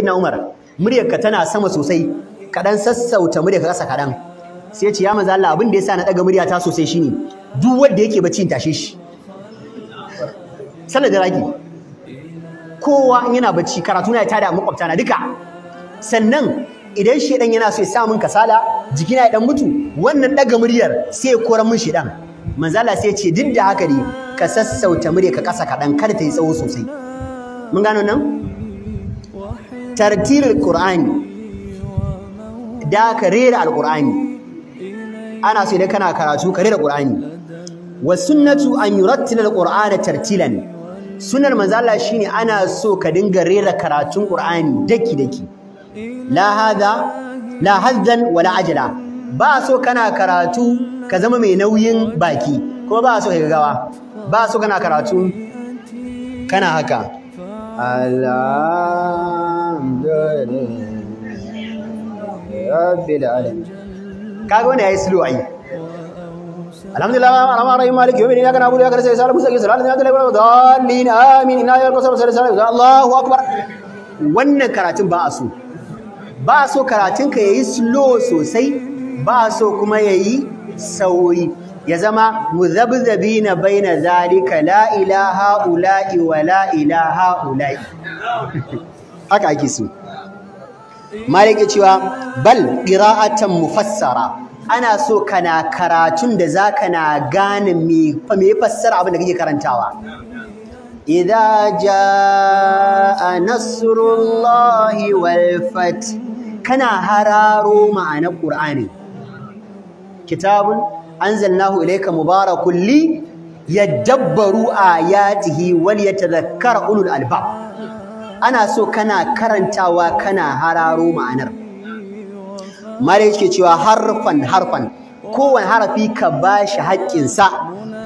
na Umar muryarka tana sama sosai kaɗan sassauta muryarka ƙasa kaɗan sai ce ya manzo Allah abin da yasa na ɗaga ta sosai shine duk wanda yake bacci in tashe shi sallar da kowa in yana bacci karatu na ya tada makwabta na duka sannan idan shedan yana so ya sa mun kasala na ya dan mutu wannan daga muryar sai ya mun min shedan manzo Allah sai ya ce duk da haka ne ka sassauta muryarka kasa kaɗan kada ta yi tsawo sosai mun gano nan tartilul qur'ani da ka rera alqur'ani ana so idan kana karatu ka rera qur'ani wa sunnatu an yurattila alqur'ana tartilan sunnar manzo Allah shine ana so ka dinga rera karatun qur'ani daki daki la hadha la hazan wala ajala ba so kana karatu ka zama mai nauyin baki kuma ba so ka gawa ba so kana karatu kana haka Allah الحمد لله رب العالمين ya rasul sallallahu alaihi wasallam Allahu wannan karatun ba so ba so karatun ka yayi slow sosai ba so kuma yayi sauri ya zama muzabzabina baina zalika la ilaha ula'i wa la ilaha ula'i haka ake so malik ya cewa bal qira'atan mufassara ana so kana karatun da zaka na gane me me fassara abin da kake karantawa idza jaa nasrullahi wal fath kana hararo ma'anar qur'ani kitabun anzalnahu ilayka mubarakun li yadabbaru ayatihi wal yatadhakkara ulul albab ana so kana karantawa kana hararo ma'anar mare yake cewa harfan harfan kowane harafi ka ba shi haƙƙinsa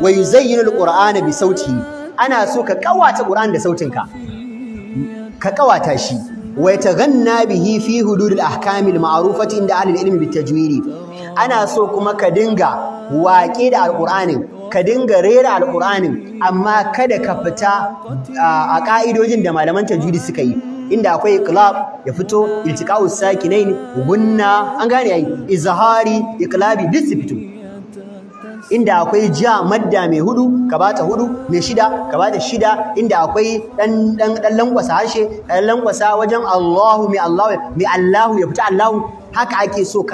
wa yuzayyinu alqur'ana bi sauti ana so ka kawata qur'an da sautinka ka kawata shi wa yataghanna bihi fi hududil ahkami al-ma'rufati inda ahli al-ilmi ana so kuma ka dinga waƙe da alqur'anin ka dinga rera alƙur'anin amma kada ka fita a ka'idojin da malaman tajwidi suka yi inda akwai club ya fito iltiqa'us sakinain gunna an gane ai izhari iqlabi duk su fito inda akwai ja madda mai hudu ka bata hudu mai shida ka bata shida inda akwai dan dan dan lankwasa harshe dan lankwasa wajen Allahu mai Allahu mai Allahu ya fita Allahu haka ake so